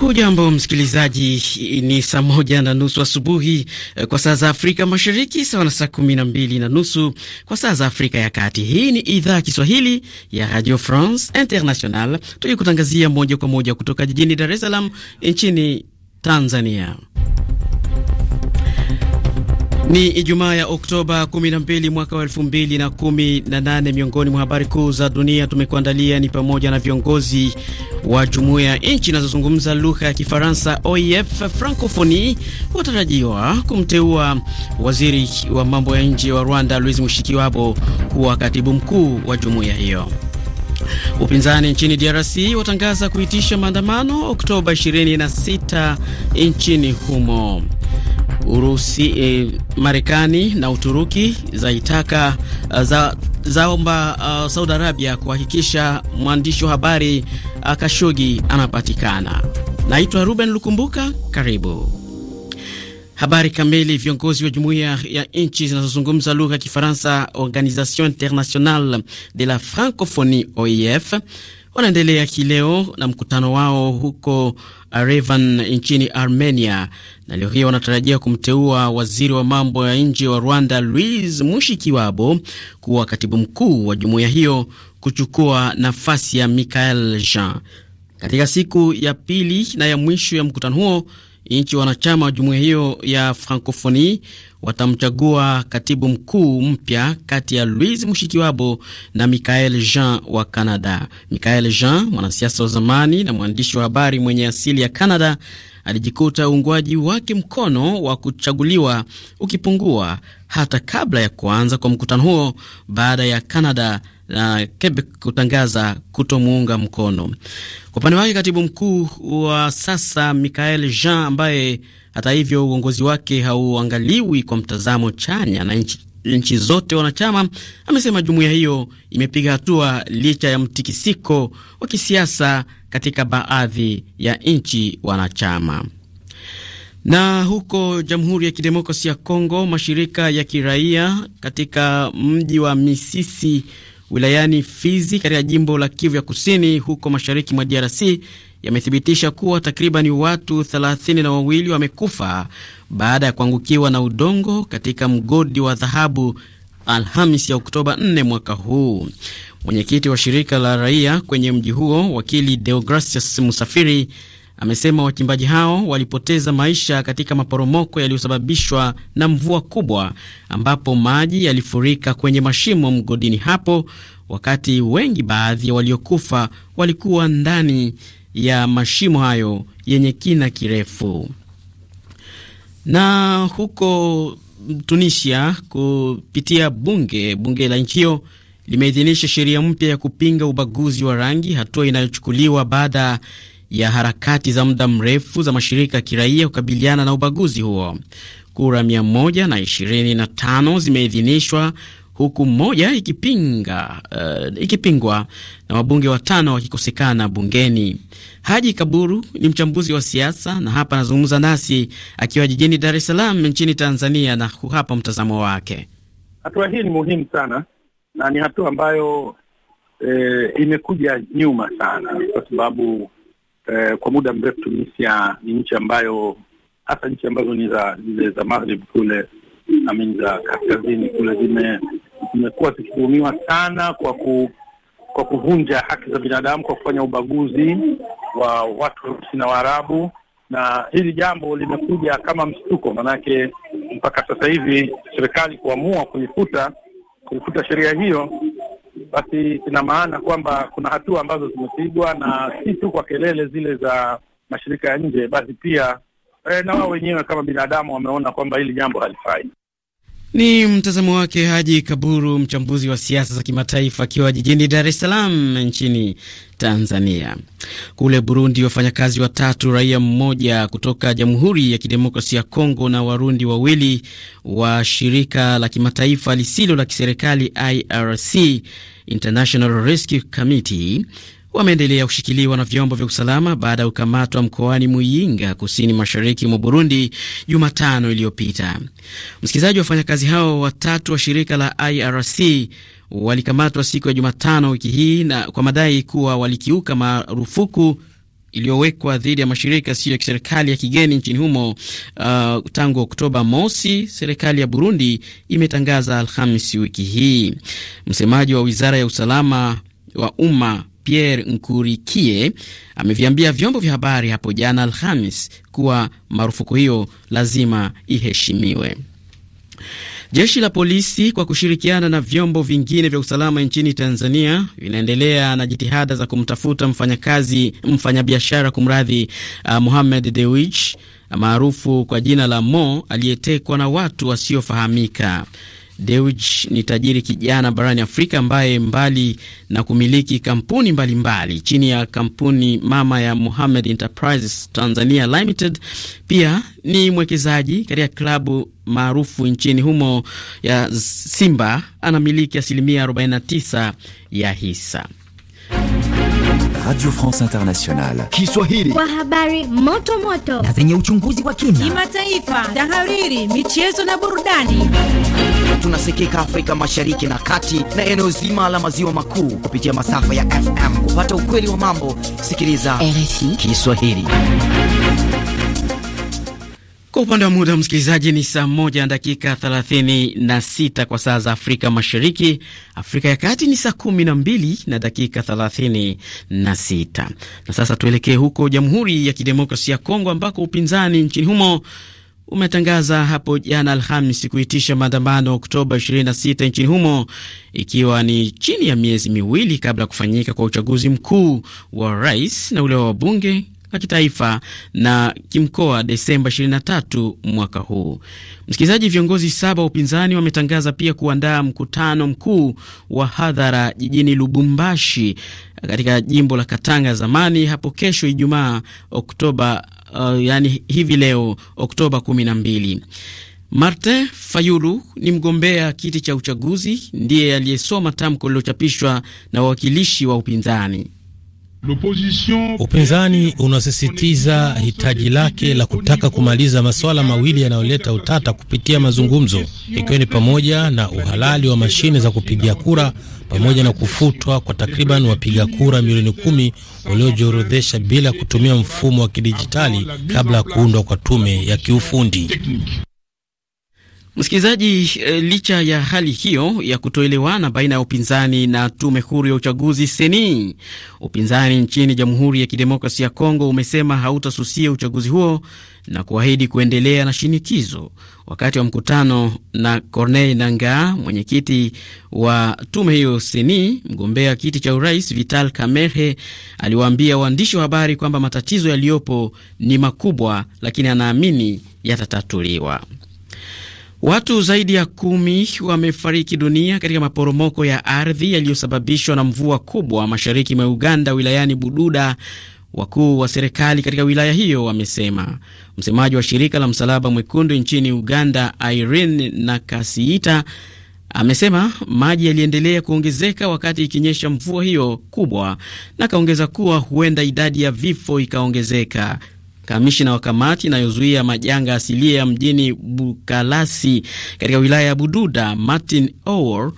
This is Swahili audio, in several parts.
Hujambo msikilizaji, ni saa moja na nusu asubuhi eh, kwa saa za Afrika Mashariki, sawa na saa kumi na mbili na nusu kwa saa za Afrika ya Kati. Hii ni idhaa ya Kiswahili ya Radio France International, tukikutangazia moja kwa moja kutoka jijini Dar es Salaam nchini Tanzania. Ni Ijumaa ya Oktoba 12 mwaka wa 2018. Miongoni mwa habari kuu za dunia tumekuandalia ni pamoja na viongozi wa jumuiya ya nchi inazozungumza lugha ya Kifaransa OIF e Francophonie watarajiwa kumteua waziri wa mambo ya nje wa Rwanda Louise Mushikiwabo kuwa katibu mkuu wa jumuiya hiyo. Upinzani nchini DRC watangaza kuitisha maandamano Oktoba 26 nchini humo. Urusi, e, Marekani na Uturuki zaitaka uh, za zaomba uh, Saudi Arabia kuhakikisha mwandishi wa habari uh, e, Kashogi anapatikana. Naitwa Ruben Lukumbuka, karibu habari kamili. Viongozi wa jumuiya ya nchi zinazozungumza lugha ya Kifaransa, Organisation Internationale de la Francophonie, OIF wanaendelea kileo na mkutano wao huko revan nchini Armenia, na leo hii wanatarajia kumteua waziri wa mambo ya nje wa Rwanda Louise Mushikiwabo kuwa katibu mkuu wa jumuiya hiyo kuchukua nafasi ya Michael Jean. Katika siku ya pili na ya mwisho ya mkutano huo nchi wanachama wa jumuiya hiyo ya Francofoni watamchagua katibu mkuu mpya kati ya Louise Mushikiwabo na Michael Jean wa Canada. Michael Jean, mwanasiasa wa zamani na mwandishi wa habari mwenye asili ya Canada, alijikuta uungwaji wake mkono wa kuchaguliwa ukipungua hata kabla ya kuanza kwa mkutano huo baada ya Canada na Quebec kutangaza kutomuunga mkono. Kwa upande wake, katibu mkuu wa sasa Michael Jean, ambaye hata hivyo uongozi wake hauangaliwi kwa mtazamo chanya na nchi nchi zote wanachama, amesema jumuiya hiyo imepiga hatua licha ya mtikisiko wa kisiasa katika baadhi ya nchi wanachama. Na huko Jamhuri ya Kidemokrasia ya Kongo, mashirika ya kiraia katika mji wa Misisi wilayani Fizi katika jimbo la Kivu ya Kusini huko mashariki mwa DRC yamethibitisha kuwa takriban watu thelathini na wawili wamekufa baada ya kuangukiwa na udongo katika mgodi wa dhahabu Alhamis ya Oktoba 4 mwaka huu. Mwenyekiti wa shirika la raia kwenye mji huo wakili Deogracius Musafiri amesema wachimbaji hao walipoteza maisha katika maporomoko yaliyosababishwa na mvua kubwa, ambapo maji yalifurika kwenye mashimo mgodini hapo, wakati wengi, baadhi ya waliokufa walikuwa ndani ya mashimo hayo yenye kina kirefu. Na huko Tunisia, kupitia bunge bunge la nchi hiyo limeidhinisha sheria mpya ya kupinga ubaguzi wa rangi, hatua inayochukuliwa baada ya harakati za muda mrefu za mashirika ya kiraia kukabiliana na ubaguzi huo. Kura 125 zimeidhinishwa huku mmoja ikipinga, uh, ikipingwa na wabunge watano wakikosekana bungeni. Haji Kaburu ni mchambuzi wa siasa na hapa anazungumza nasi akiwa jijini Dar es Salaam nchini Tanzania, na hapa mtazamo wake. Hatua hii ni muhimu sana na ni hatua ambayo e, imekuja nyuma sana kwa sababu eh, kwa muda mrefu Tunisia ni nchi ambayo hasa nchi ambazo ni za zile za maghrib kule amin za kaskazini kule zime- zimekuwa zikituhumiwa sana kwa ku, kwa kuvunja haki za binadamu kwa kufanya ubaguzi wa watu weusi na Waarabu, na hili jambo limekuja kama mshtuko, maanake mpaka sasa hivi serikali kuamua kuifuta kuifuta sheria hiyo basi ina maana kwamba kuna hatua ambazo zimepigwa na si tu kwa kelele zile za mashirika ya nje, basi pia e, na wao wenyewe kama binadamu wameona kwamba hili jambo halifai. Ni mtazamo wake Haji Kaburu, mchambuzi wa siasa za kimataifa akiwa jijini Dar es Salaam nchini Tanzania. Kule Burundi, wafanyakazi watatu, raia mmoja kutoka Jamhuri ya Kidemokrasia ya Kongo na Warundi wawili wa shirika la kimataifa lisilo la kiserikali IRC, International Rescue Committee wameendelea kushikiliwa na vyombo vya usalama baada ya kukamatwa mkoani Muyinga, kusini mashariki mwa Burundi, Jumatano iliyopita. Msikilizaji, wa wafanyakazi hao watatu wa shirika la IRC walikamatwa siku ya Jumatano wiki hii na kwa madai kuwa walikiuka marufuku iliyowekwa dhidi ya mashirika siyo ya kiserikali ya kigeni nchini humo. Uh, tangu Oktoba mosi serikali ya Burundi imetangaza Alhamisi wiki hii. Msemaji wa wizara ya usalama wa umma Pierre Nkurikie ameviambia vyombo vya habari hapo jana Alhamis kuwa marufuku hiyo lazima iheshimiwe. Jeshi la polisi kwa kushirikiana na vyombo vingine vya usalama nchini Tanzania vinaendelea na jitihada za kumtafuta mfanyakazi mfanyabiashara kumradhi, uh, Mohamed Dewich maarufu kwa jina la Mo aliyetekwa na watu wasiofahamika. Dewji ni tajiri kijana barani Afrika ambaye mbali na kumiliki kampuni mbalimbali mbali, chini ya kampuni mama ya Mohammed Enterprises Tanzania Limited, pia ni mwekezaji katika klabu maarufu nchini humo ya Simba. Anamiliki asilimia 49 ya hisa. Radio France Internationale Kiswahili, kwa habari moto moto na zenye uchunguzi wa kina, kimataifa, tahariri, michezo na burudani tunasikika Afrika Mashariki na Kati na eneo zima la maziwa makuu kupitia masafa ya FM. Kupata ukweli wa mambo, sikiliza RFI Kiswahili. Kwa upande wa muda msikilizaji, ni saa moja na dakika 36 kwa saa za Afrika Mashariki. Afrika ya Kati ni saa 12 na dakika 36. Na sasa tuelekee huko Jamhuri ya Kidemokrasia ya Kongo ambako upinzani nchini humo umetangaza hapo jana Alhamis kuitisha maandamano Oktoba 26 nchini humo ikiwa ni chini ya miezi miwili kabla ya kufanyika kwa uchaguzi mkuu wa rais na ule wa wabunge la kitaifa na kimkoa Desemba 23 mwaka huu. Msikilizaji, viongozi saba wa upinzani wametangaza pia kuandaa mkutano mkuu wa hadhara jijini Lubumbashi katika jimbo la Katanga zamani hapo kesho Ijumaa Oktoba uh, yani hivi leo Oktoba 12. Martin Fayulu ni mgombea kiti cha uchaguzi, ndiye aliyesoma tamko lililochapishwa na wawakilishi wa upinzani. Upinzani unasisitiza hitaji lake la kutaka kumaliza masuala mawili yanayoleta utata kupitia mazungumzo, ikiwa ni pamoja na uhalali wa mashine za kupigia kura pamoja na kufutwa kwa takriban wapiga kura milioni kumi waliojiorodhesha bila kutumia mfumo wa kidijitali kabla ya kuundwa kwa tume ya kiufundi. Msikilizaji, eh, licha ya hali hiyo ya kutoelewana baina ya upinzani na tume huru ya uchaguzi seni, upinzani nchini Jamhuri ya Kidemokrasia ya Kongo umesema hautasusia uchaguzi huo na kuahidi kuendelea na shinikizo. Wakati wa mkutano na Corneille Nangaa, mwenyekiti wa tume hiyo seni, mgombea kiti cha urais Vital Kamerhe aliwaambia waandishi wa habari kwamba matatizo yaliyopo ni makubwa, lakini anaamini yatatatuliwa. Watu zaidi ya kumi wamefariki dunia katika maporomoko ya ardhi yaliyosababishwa na mvua kubwa mashariki mwa Uganda, wilayani Bududa, wakuu wa serikali katika wilaya hiyo wamesema. Msemaji wa shirika la Msalaba Mwekundu nchini Uganda, Irene Nakasiita, amesema maji yaliendelea kuongezeka wakati ikinyesha mvua hiyo kubwa, na akaongeza kuwa huenda idadi ya vifo ikaongezeka kamishina wa kamati inayozuia majanga asilia mjini Bukalasi katika wilaya ya Bududa, Martin ower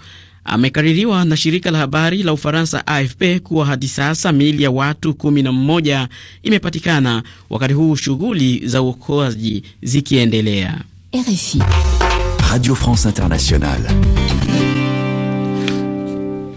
amekaririwa na shirika la habari la Ufaransa AFP kuwa hadi sasa miili ya watu 11 imepatikana, wakati huu shughuli za uokoaji zikiendelea. RFI Radio France Internationale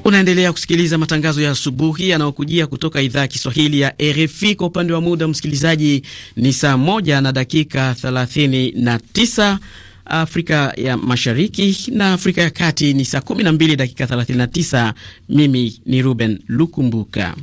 Unaendelea kusikiliza matangazo ya asubuhi yanayokujia kutoka idhaa ya Kiswahili ya RFI. Kwa upande wa muda, msikilizaji, ni saa moja na dakika 39 Afrika ya Mashariki na Afrika ya Kati ni saa 12 dakika 39. Mimi ni Ruben Lukumbuka.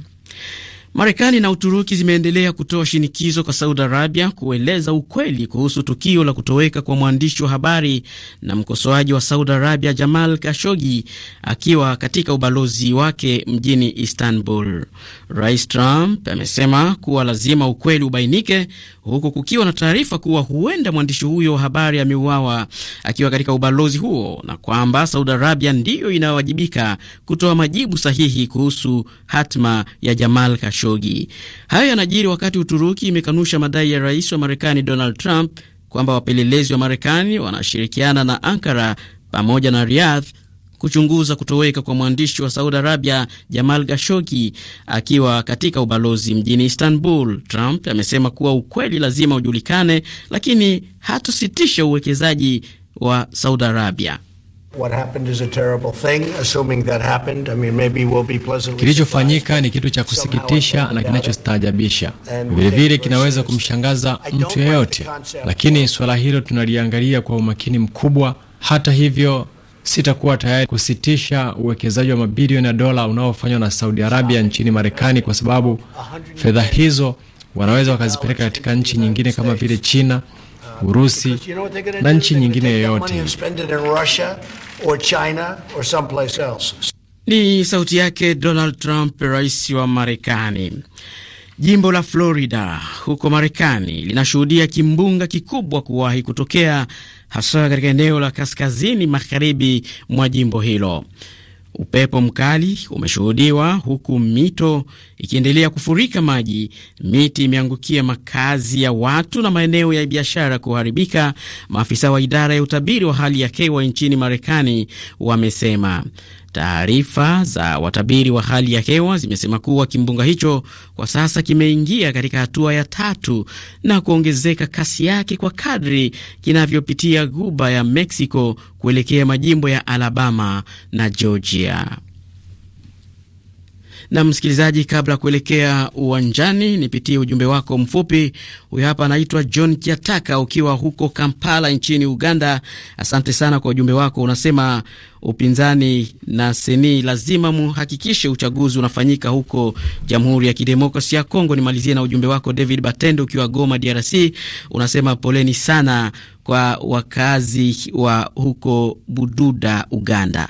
Marekani na Uturuki zimeendelea kutoa shinikizo kwa Saudi Arabia kueleza ukweli kuhusu tukio la kutoweka kwa mwandishi wa habari na mkosoaji wa Saudi Arabia Jamal Khashoggi akiwa katika ubalozi wake mjini Istanbul. Rais Trump amesema kuwa lazima ukweli ubainike, huku kukiwa na taarifa kuwa huenda mwandishi huyo wa habari ameuawa akiwa katika ubalozi huo na kwamba Saudi Arabia ndiyo inayowajibika kutoa majibu sahihi kuhusu hatma ya Jamal Khashoggi. Khashoggi. Hayo yanajiri wakati Uturuki imekanusha madai ya rais wa Marekani Donald Trump kwamba wapelelezi wa Marekani wanashirikiana na Ankara pamoja na Riyadh kuchunguza kutoweka kwa mwandishi wa Saudi Arabia Jamal gashogi akiwa katika ubalozi mjini Istanbul. Trump amesema kuwa ukweli lazima ujulikane, lakini hatusitisha uwekezaji wa Saudi Arabia. Kilichofanyika ni kitu cha kusikitisha na kinachostaajabisha, vilevile kinaweza kumshangaza mtu yeyote, lakini suala hilo tunaliangalia kwa umakini mkubwa. Hata hivyo, sitakuwa tayari kusitisha uwekezaji wa mabilioni ya dola unaofanywa na Saudi Arabia nchini Marekani kwa sababu fedha hizo wanaweza wakazipeleka katika nchi nyingine kama vile China Urusi na nchi nyingine yoyote. Ni sauti yake Donald Trump, rais wa Marekani. Jimbo la Florida huko Marekani linashuhudia kimbunga kikubwa kuwahi kutokea, hasa katika eneo la kaskazini magharibi mwa jimbo hilo. Upepo mkali umeshuhudiwa huku mito ikiendelea kufurika maji, miti imeangukia makazi ya watu na maeneo ya biashara kuharibika, maafisa wa idara ya utabiri wa hali ya hewa nchini Marekani wamesema. Taarifa za watabiri wa hali ya hewa zimesema kuwa kimbunga hicho kwa sasa kimeingia katika hatua ya tatu na kuongezeka kasi yake kwa kadri kinavyopitia guba ya Mexico kuelekea majimbo ya Alabama na Georgia. Na msikilizaji, kabla ya kuelekea uwanjani, nipitie ujumbe wako mfupi. Huyu hapa anaitwa John Kiataka, ukiwa huko Kampala nchini Uganda. Asante sana kwa ujumbe wako. Unasema upinzani na seni lazima muhakikishe uchaguzi unafanyika huko Jamhuri ya Kidemokrasia ya Kongo. Nimalizie na ujumbe wako David batende ukiwa Goma, DRC. Unasema poleni sana kwa wakazi wa huko Bududa, Uganda.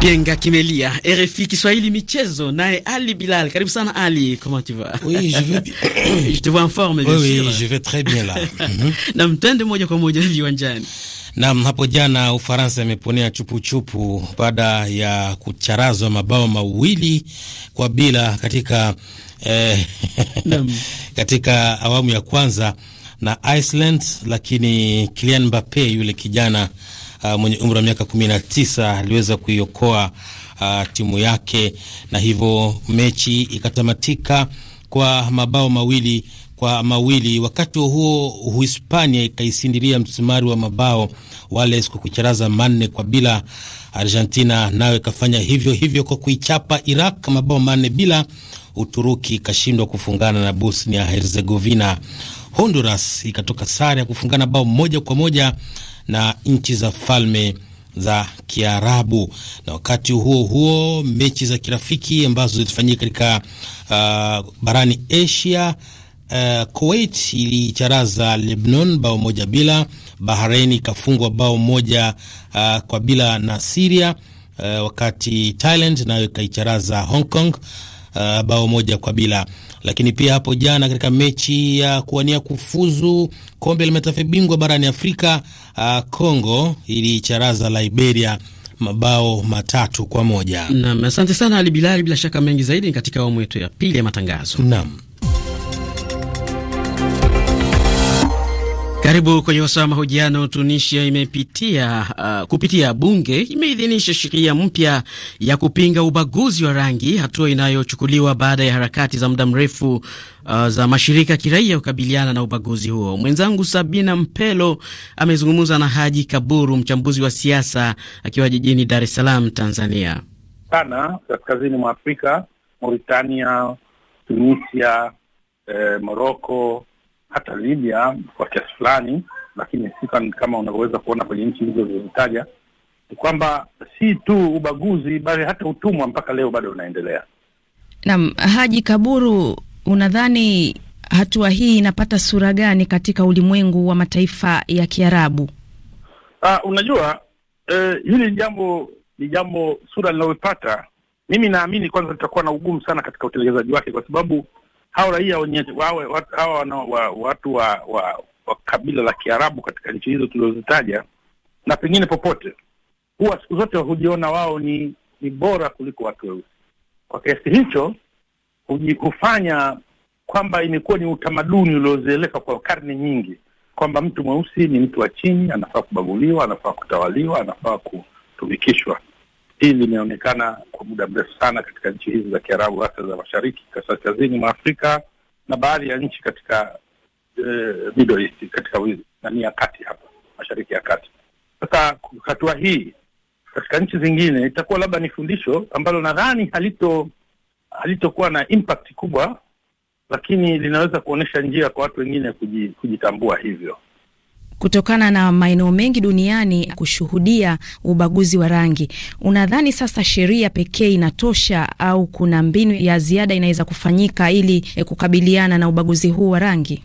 Kipenga kimelia. RFI Kiswahili michezo naye Ali Bilal. Karibu sana Ali, comment tu vas? Oui, je vais bien. je te vois en forme bien oui, Oui, je vais très bien là. Mhm. Na mtende moja kwa moja viwanjani. Naam, hapo jana Ufaransa imeponea chupuchupu baada ya kucharazwa mabao mawili kwa bila katika eh, katika awamu ya kwanza na Iceland, lakini Kylian Mbappe yule kijana uh, mwenye umri wa miaka 19 aliweza kuiokoa uh, timu yake na hivyo mechi ikatamatika kwa mabao mawili kwa mawili. Wakati huo Uhispania ikaisindiria msumari wa mabao Wales kwa kuicharaza manne kwa bila. Argentina nayo ikafanya hivyo hivyo kwa kuichapa Iraq mabao manne bila. Uturuki ikashindwa kufungana na Bosnia Herzegovina. Honduras ikatoka sare ya kufungana bao moja kwa moja na nchi za falme za Kiarabu. Na wakati huo huo, mechi za kirafiki ambazo zilifanyika katika uh, barani Asia Uh, Kuwait ilicharaza Lebanon bao moja bila. Bahrain ikafungwa bao moja uh, kwa bila na Syria, uh, wakati Thailand nayo ikaicharaza Hong Kong uh, bao moja kwa bila. Lakini pia hapo jana katika mechi ya kuwania kufuzu kombe la mataifa bingwa barani Afrika, uh, Congo uh, ilicharaza Liberia mabao matatu kwa moja. Naam, asante sana Ali Bilali, bila shaka mengi zaidi katika awamu yetu ya pili ya matangazo. Naam. Karibu kwenye wasaa mahojiano. Tunisia imepitia uh, kupitia bunge imeidhinisha sheria mpya ya kupinga ubaguzi wa rangi, hatua inayochukuliwa baada ya harakati za muda mrefu uh, za mashirika ya kiraia kukabiliana na ubaguzi huo. Mwenzangu Sabina Mpelo amezungumza na Haji Kaburu, mchambuzi wa siasa, akiwa jijini Dar es Salaam, Tanzania. Sana kaskazini mwa Afrika, Mauritania, Tunisia, eh, Moroko hata Libya kwa kiasi fulani, lakini sikan kama unavyoweza kuona kwenye nchi hizo zilizotaja, ni kwamba si tu ubaguzi bali hata utumwa mpaka leo bado unaendelea. Naam, Haji Kaburu, unadhani hatua hii inapata sura gani katika ulimwengu wa mataifa ya Kiarabu? Ah, unajua eh, hili jambo ni jambo sura linalopata mimi naamini kwanza litakuwa na ugumu sana katika utekelezaji wake, kwa sababu hao raia wawe hawa wa, watu wa, wa, wa kabila la Kiarabu katika nchi hizo tulizozitaja na pengine popote, huwa siku zote hujiona wao ni ni bora kuliko watu weusi. Kwa kiasi hicho hufanya kwamba imekuwa ni utamaduni uliozeeleka kwa karne nyingi kwamba mtu mweusi ni mtu wa chini, anafaa kubaguliwa, anafaa kutawaliwa, anafaa kutumikishwa. Hii limeonekana kwa muda mrefu sana katika nchi hizi za Kiarabu, hasa za mashariki kaskazini mwa Afrika na baadhi ya nchi katika uh, Middle East, katika nani ya kati hapa mashariki ya kati. Sasa hatua hii katika nchi zingine itakuwa labda ni fundisho ambalo nadhani halito halitokuwa na impact kubwa, lakini linaweza kuonyesha njia kwa watu wengine kujitambua hivyo kutokana na maeneo mengi duniani kushuhudia ubaguzi wa rangi. Unadhani sasa sheria pekee inatosha au kuna mbinu ya ziada inaweza kufanyika ili eh, kukabiliana na ubaguzi huu wa rangi?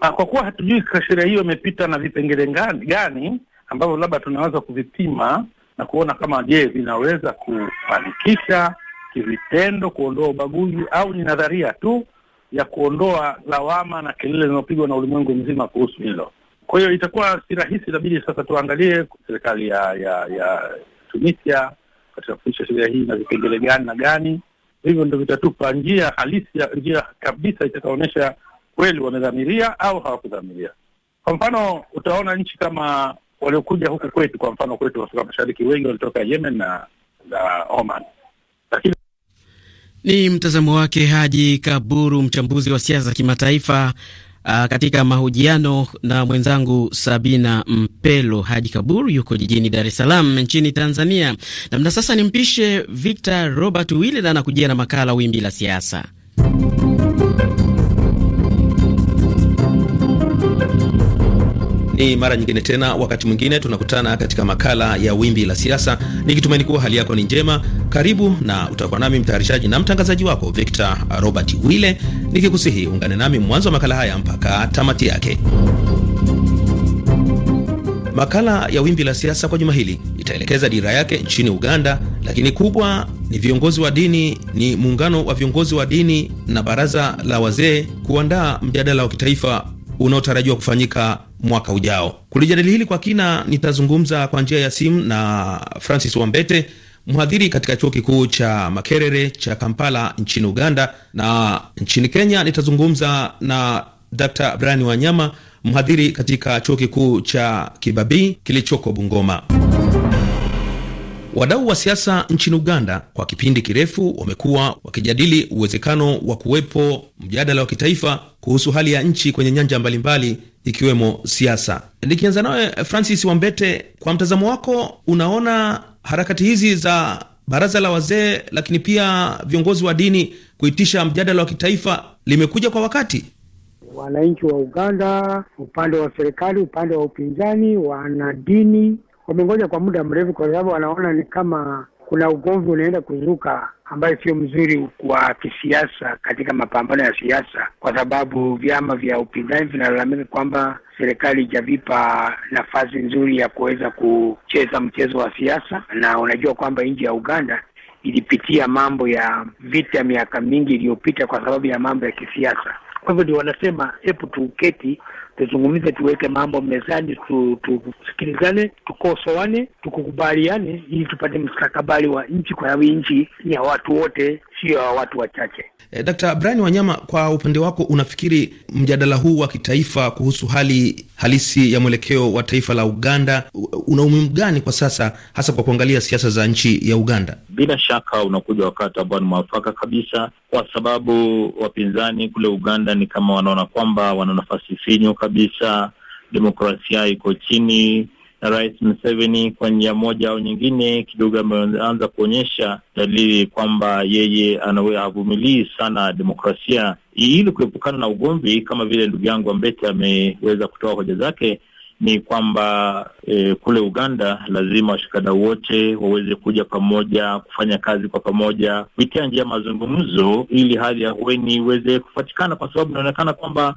Ah, kwa kuwa hatujui sheria hiyo imepita na vipengele gani ambavyo labda tunaweza kuvipima na kuona kama je, vinaweza kufanikisha kivitendo kuondoa ubaguzi au ni nadharia tu ya kuondoa lawama na kelele zinazopigwa na ulimwengu mzima kuhusu hilo. Kwa hiyo itakuwa si rahisi, inabidi sasa tuangalie serikali ya ya ya Tunisia katika kufundisha sheria hii na vipengele gani na gani. Hivyo ndo vitatupa njia halisi, njia kabisa itakaonyesha kweli wamedhamiria au hawakudhamiria. Kwa mfano, utaona nchi kama waliokuja huku kwetu, kwa mfano kwetu Afrika Mashariki, wengi walitoka Yemen na na Oman, lakini ni mtazamo wake Haji Kaburu, mchambuzi wa siasa za kimataifa Uh, katika mahojiano na mwenzangu Sabina Mpelo, Haji kabur yuko jijini Dar es Salaam nchini Tanzania. Namna sasa nimpishe Victor Robert Wille na anakujia na makala Wimbi la Siasa. hadi mara nyingine tena, wakati mwingine tunakutana katika makala ya Wimbi la Siasa, nikitumaini kuwa hali yako ni njema. Karibu na utakuwa nami mtayarishaji na mtangazaji wako Victor Robert Wile, nikikusihi ungane nami mwanzo wa makala haya mpaka tamati yake. Makala ya Wimbi la Siasa kwa juma hili itaelekeza dira yake nchini Uganda, lakini kubwa ni viongozi wa dini, ni muungano wa viongozi wa dini na baraza la wazee kuandaa mjadala wa kitaifa unaotarajiwa kufanyika mwaka ujao. Kulijadili hili kwa kina, nitazungumza kwa njia ya simu na Francis Wambete, mhadhiri katika chuo kikuu cha Makerere cha Kampala nchini Uganda, na nchini Kenya nitazungumza na Dr Brian Wanyama, mhadhiri katika chuo kikuu cha Kibabii kilichoko Bungoma. Wadau wa siasa nchini Uganda kwa kipindi kirefu wamekuwa wakijadili uwezekano wa kuwepo mjadala wa kitaifa kuhusu hali ya nchi kwenye nyanja mbalimbali ikiwemo siasa. Nikianza nawe Francis Wambete, kwa mtazamo wako, unaona harakati hizi za baraza la wazee, lakini pia viongozi wa dini kuitisha mjadala wa kitaifa limekuja kwa wakati? Wananchi wa Uganda, upande wa serikali, upande wa upinzani, wana dini wamengoja kwa muda mrefu, kwa sababu wanaona ni kama kuna ugomvi unaenda kuzuka ambayo sio mzuri kwa kisiasa katika mapambano ya siasa, kwa sababu vyama vya upinzani vinalalamika kwamba serikali ijavipa nafasi nzuri ya kuweza kucheza mchezo wa siasa, na unajua kwamba nchi ya Uganda ilipitia mambo ya vita miaka mingi iliyopita kwa sababu ya mambo ya kisiasa. Kwa hivyo ndio wanasema hebu tuuketi tuzungumze, tuweke mambo mezani, tusikilizane, tu, tukosoane, tukukubaliane ili tupate mstakabali wa nchi, kwa sababu nchi ni ya watu wote, sio ya watu wachache. E, eh, Dkt. Brian Wanyama, kwa upande wako unafikiri mjadala huu wa kitaifa kuhusu hali halisi ya mwelekeo wa taifa la Uganda una umuhimu gani kwa sasa, hasa kwa kuangalia siasa za nchi ya Uganda? bila shaka unakuja wakati ambao ni mwafaka kabisa, kwa sababu wapinzani kule Uganda ni kama wanaona kwamba wana nafasi finyu kabisa, demokrasia iko chini. na Rais Museveni kwa njia moja au nyingine kidogo ameanza kuonyesha dalili kwamba yeye havumilii sana demokrasia. Ili kuepukana na ugomvi, kama vile ndugu yangu Ambete ameweza kutoa hoja zake, ni kwamba e, kule Uganda lazima washikadau wote waweze kuja pamoja kufanya kazi kwa pamoja kupitia njia ya mazungumzo, ili hali ya hueni iweze kupatikana, kwa sababu inaonekana kwamba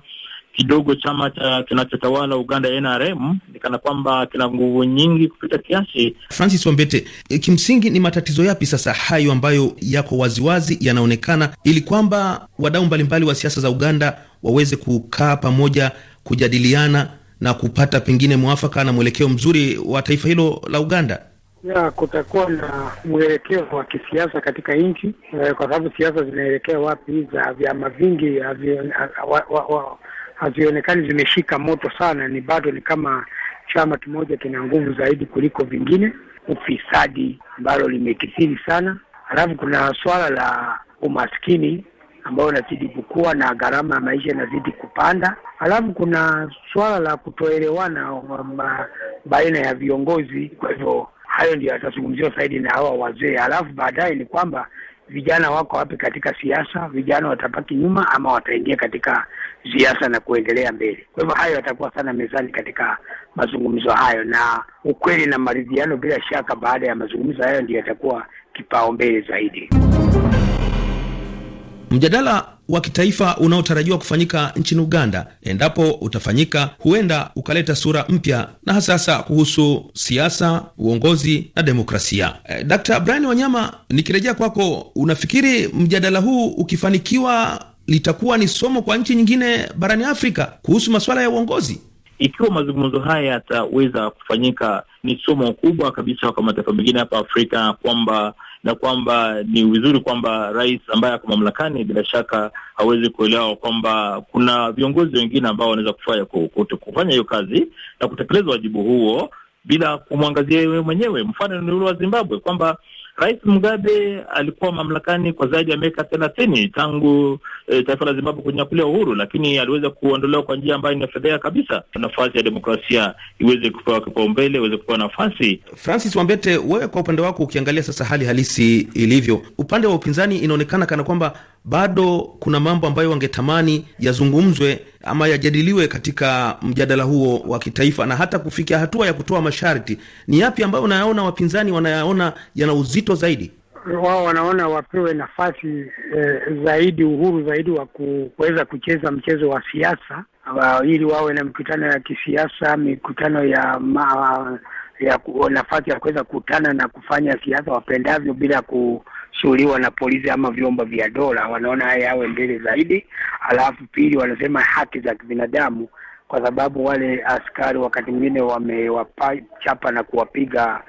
kidogo chama cha kinachotawala Uganda NRM nikana kwamba kina nguvu nyingi kupita kiasi. Francis Wambete, eh, kimsingi ni matatizo yapi sasa hayo ambayo yako waziwazi yanaonekana, ili kwamba wadau mbalimbali wa siasa za Uganda waweze kukaa pamoja kujadiliana na kupata pengine mwafaka na mwelekeo mzuri wa taifa hilo la Uganda? Ya, kutakuwa na mwelekeo wa kisiasa katika nchi eh, kwa sababu siasa zinaelekea wapi za vyama vingi hazionekani zimeshika moto sana, ni bado ni kama chama kimoja kina nguvu zaidi kuliko vingine. Ufisadi ambalo limekithiri sana, halafu kuna swala la umaskini ambao unazidi kukua na gharama ya maisha inazidi kupanda. alafu kuna suala la kutoelewana baina ya viongozi. Kwa hivyo hayo ndio yatazungumziwa zaidi na hawa wazee. alafu baadaye ni kwamba vijana wako wapi katika siasa? Vijana watabaki nyuma ama wataingia katika siasa na kuendelea mbele? Kwa hivyo hayo yatakuwa sana mezani katika mazungumzo hayo, na ukweli na maridhiano, bila shaka, baada ya mazungumzo hayo ndio yatakuwa kipaumbele zaidi. Mjadala wa kitaifa unaotarajiwa kufanyika nchini Uganda, endapo utafanyika, huenda ukaleta sura mpya na hasahasa kuhusu siasa, uongozi na demokrasia. E, Dkt. Brian Wanyama, nikirejea kwako, unafikiri mjadala huu ukifanikiwa litakuwa ni somo kwa nchi nyingine barani Afrika kuhusu masuala ya uongozi? Ikiwa mazungumzo haya yataweza kufanyika, ni somo kubwa kabisa kwa mataifa mengine hapa Afrika kwamba na kwamba ni vizuri kwamba rais ambaye ako mamlakani bila shaka hawezi kuelewa kwamba kuna viongozi wengine ambao wanaweza kufanya kufanya hiyo kazi na kutekeleza wajibu huo bila kumwangazia yeye mwenyewe. Mfano ni ule wa Zimbabwe kwamba Rais Mugabe alikuwa mamlakani kwa zaidi ya miaka thelathini tangu e, taifa la Zimbabwe kunyakulia uhuru, lakini aliweza kuondolewa kwa njia ambayo inafedhea kabisa. Nafasi ya demokrasia iweze kupewa kipaumbele, iweze kupewa nafasi. Francis Wambete, wewe kwa upande wako, ukiangalia sasa hali halisi ilivyo, upande wa upinzani inaonekana kana kwamba bado kuna mambo ambayo wangetamani yazungumzwe ama yajadiliwe katika mjadala huo wa kitaifa na hata kufikia hatua ya kutoa masharti. Ni yapi ambayo unayaona wapinzani wanayaona yana uzito zaidi? Wao wanaona wapewe nafasi eh, zaidi, uhuru zaidi wa kuweza kucheza mchezo wa siasa ili wawe na mikutano ya kisiasa, mikutano ya ma, ya nafasi ya kuweza kukutana na kufanya siasa wapendavyo bila ku suliwa na polisi ama vyombo vya dola, wanaona haya yawe mbele zaidi. Alafu pili, wanasema haki za kibinadamu, kwa sababu wale askari wakati mwingine wamewachapa na kuwapiga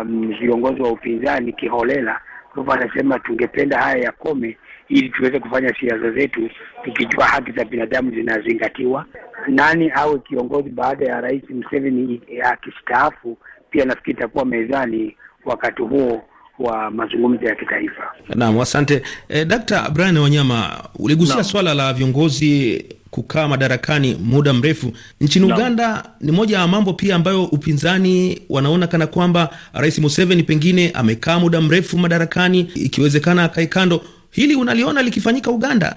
um, viongozi um, wa upinzani kiholela. Kwa hivyo wanasema tungependa haya yakome, ili tuweze kufanya siasa zetu tukijua haki za binadamu zinazingatiwa. Nani awe kiongozi baada ya Rais Museveni akistaafu, pia nafikiri itakuwa mezani wakati huo wa mazungumzo ya kitaifa. Naam, asante e, eh, Dkt. Brian Wanyama, uligusia swala la viongozi kukaa madarakani muda mrefu nchini no. Uganda ni moja ya mambo pia ambayo upinzani wanaona kana kwamba Rais Museveni pengine amekaa muda mrefu madarakani, ikiwezekana akae kando. Hili unaliona likifanyika Uganda?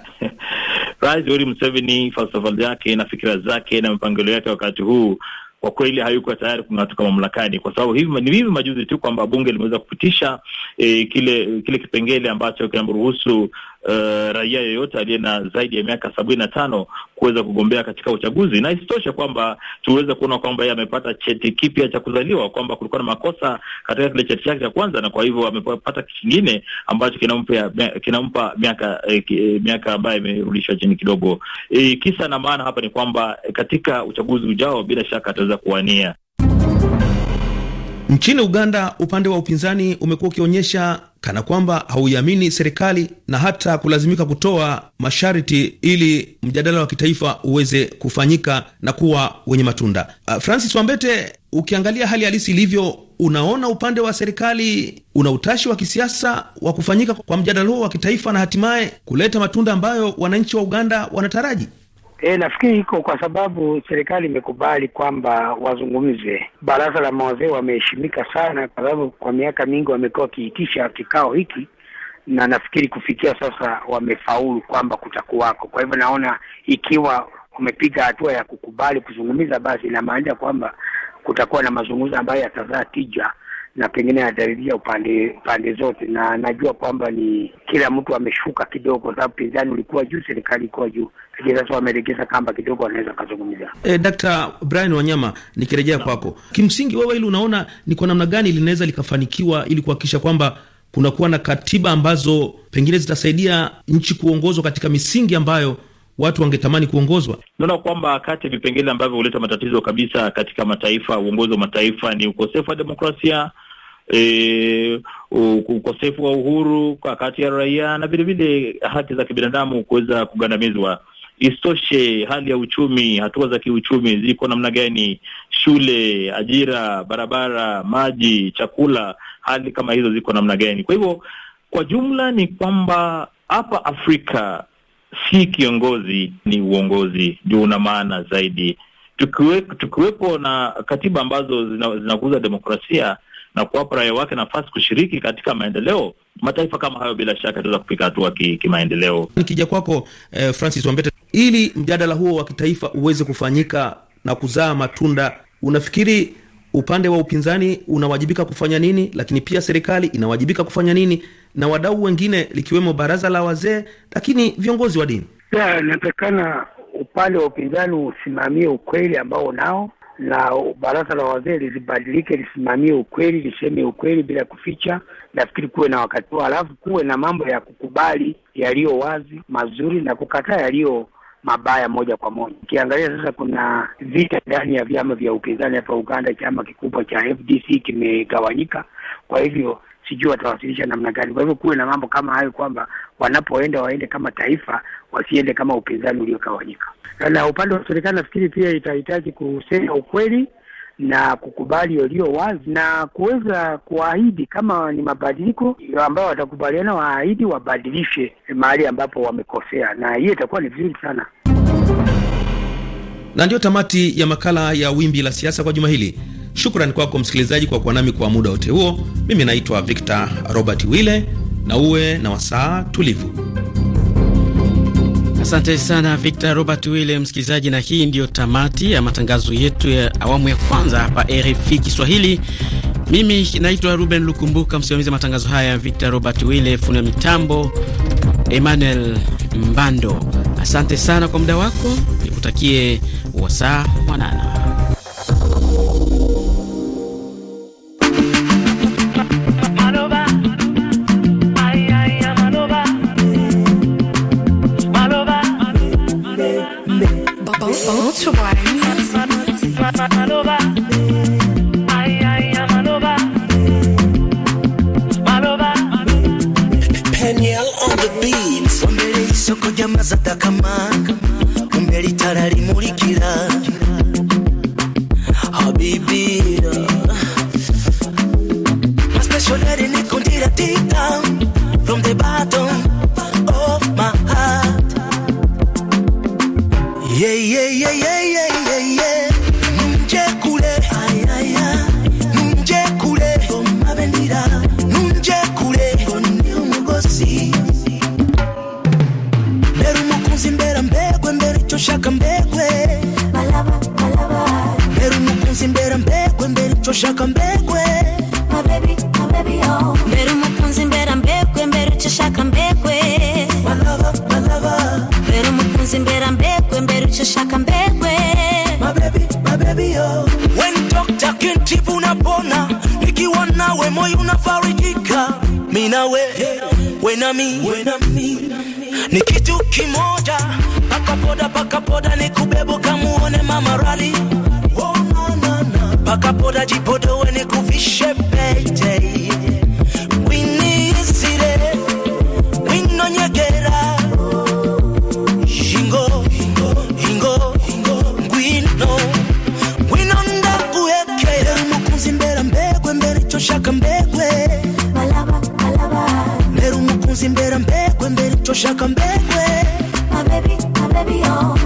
Rais Yoweri Museveni falsafa yake na fikira zake na mipangilio yake wakati huu kwa kweli hayuko tayari kung'atuka mamlakani, kwa sababu hivi ni hivi majuzi tu kwamba bunge limeweza kupitisha e, kile kile kipengele ambacho kinamruhusu uh, raia yoyote aliye na zaidi ya miaka sabini na tano kuweza kugombea katika uchaguzi, na isitoshe kwamba tuweze kuona kwamba yeye amepata cheti kipya cha kuzaliwa, kwamba kulikuwa na makosa katika kile cheti chake cha kwanza, na kwa hivyo amepata kingine ambacho kinampa kinampa miaka eh, eh miaka ambayo imerudishwa chini kidogo. Eh, kisa na maana hapa ni kwamba katika uchaguzi ujao bila shaka ataweza kuwania Nchini Uganda, upande wa upinzani umekuwa ukionyesha kana kwamba hauiamini serikali na hata kulazimika kutoa masharti ili mjadala wa kitaifa uweze kufanyika na kuwa wenye matunda. Ah, Francis Wambete, ukiangalia hali halisi ilivyo, unaona upande wa serikali una utashi wa kisiasa wa kufanyika kwa mjadala huo wa kitaifa na hatimaye kuleta matunda ambayo wananchi wa Uganda wanataraji? E, nafikiri iko kwa sababu serikali imekubali kwamba wazungumze. Baraza la mawazee wameheshimika sana, kwa sababu kwa miaka mingi wamekuwa wakiitisha kikao hiki, na nafikiri kufikia sasa wamefaulu kwamba kutakuwako. Kwa hivyo naona ikiwa wamepiga hatua ya kukubali kuzungumza, basi inamaanisha kwamba kutakuwa na mazungumzo ambayo yatazaa tija na pengine anadhalilia upande pande zote, na najua kwamba ni kila mtu ameshuka kidogo, kwa sababu pinzani ulikuwa juu, serikali ilikuwa juu, lakini sasa wamelegeza kamba kidogo, wanaweza kazungumza. Eh, Dkt. Brian Wanyama, nikirejea no. kwako, kimsingi wewe ili unaona ni kwa namna gani linaweza likafanikiwa ili kuhakikisha kwamba kunakuwa na katiba ambazo pengine zitasaidia nchi kuongozwa katika misingi ambayo watu wangetamani kuongozwa. Naona kwamba kati ya vipengele ambavyo huleta matatizo kabisa katika mataifa, uongozi wa mataifa ni ukosefu wa demokrasia e, ukosefu wa uhuru kwa kati ya raia na vilevile haki za kibinadamu kuweza kugandamizwa. Isitoshe, hali ya uchumi, hatua za kiuchumi ziko namna gani? Shule, ajira, barabara, maji, chakula, hali kama hizo ziko namna gani? Kwa hivyo, kwa jumla ni kwamba hapa Afrika si kiongozi, ni uongozi ndio una maana zaidi. Tukiwe, tukiwepo na katiba ambazo zinakuza demokrasia na kuwapa raia wake nafasi kushiriki katika maendeleo, mataifa kama hayo bila shaka yataweza kufika hatua kimaendeleo. Ki nikija kwako eh, Francis Wambete, ili mjadala huo wa kitaifa uweze kufanyika na kuzaa matunda, unafikiri upande wa upinzani unawajibika kufanya nini, lakini pia serikali inawajibika kufanya nini, na wadau wengine likiwemo baraza la wazee, lakini viongozi wa dini? Inaonekana upande wa upinzani usimamie ukweli ambao unao na baraza la wazee lizibadilike, lisimamie ukweli, liseme ukweli bila kuficha. Nafikiri kuwe na wakati huo, alafu kuwe na mambo ya kukubali yaliyo wazi mazuri na kukataa yaliyo mabaya moja kwa moja. Ukiangalia sasa, kuna vita ndani ya vyama vya upinzani hapa Uganda. Chama kikubwa cha FDC kimegawanyika, kwa hivyo sijui watawasilisha namna gani. Kwa hivyo kuwe na mambo kama hayo, kwamba wanapoenda waende kama taifa, wasiende kama upinzani uliogawanyika na upande wa serikali nafikiri pia itahitaji kusema ukweli na kukubali yaliyo wazi na kuweza kuahidi kama ni mabadiliko ambao watakubaliana, waahidi wabadilishe mahali ambapo wamekosea, na hiyo itakuwa ni vizuri sana. Na ndiyo tamati ya makala ya Wimbi la Siasa kwa juma hili. Shukrani kwako msikilizaji kwa kuwa nami kwa muda wote huo. Mimi naitwa Victor Robert Wile, na uwe na wasaa tulivu. Asante sana Victor Robert Wille, msikilizaji, na hii ndiyo tamati ya matangazo yetu ya awamu ya kwanza hapa RFI Kiswahili. Mimi naitwa Ruben Lukumbuka, msimamizi wa matangazo haya Victor Robert Wille, ya mitambo Emmanuel Mbando. Asante sana kwa muda wako, nikutakie wasaa mwanana. kunyamaza takama moyo unafarijika, mi na we, we na mi, na ni kitu kimoja, paka poda paka poda ni kubebo kamuone mama rali, paka poda jipodowe ni kuvishe ushaka oh. mbekwe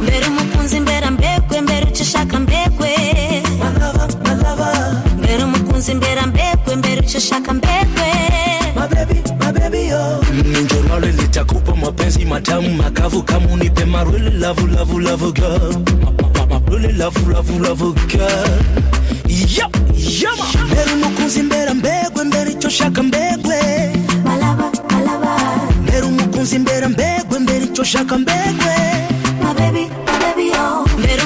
mbere umukunzi mbere mbekwe mbere uca ushaka mbere umukunzi mbere mbekwe mbere uca ushaka mbekwe ninjo mapenzi matamu makavu kama unipe marwele lavu lavu lavu girl marwele lavu lavu lavu girl yep, yama mbere umukunzi mbere mbegwe mbere icyo ushaka mukunzi mbera mbegwe mbera icyo ushaka mbegwe oh. mbera mbera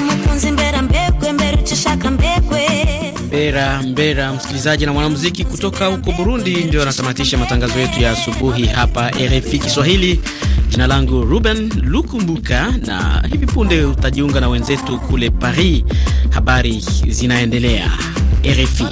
mbegwe mbegwe mbera mbera, msikilizaji na mwanamuziki kutoka huko Burundi, ndio anatamatisha matangazo yetu ya asubuhi hapa RFI Kiswahili. Jina langu Ruben Lukumbuka, na hivi punde utajiunga na wenzetu kule Paris. Habari zinaendelea RFI.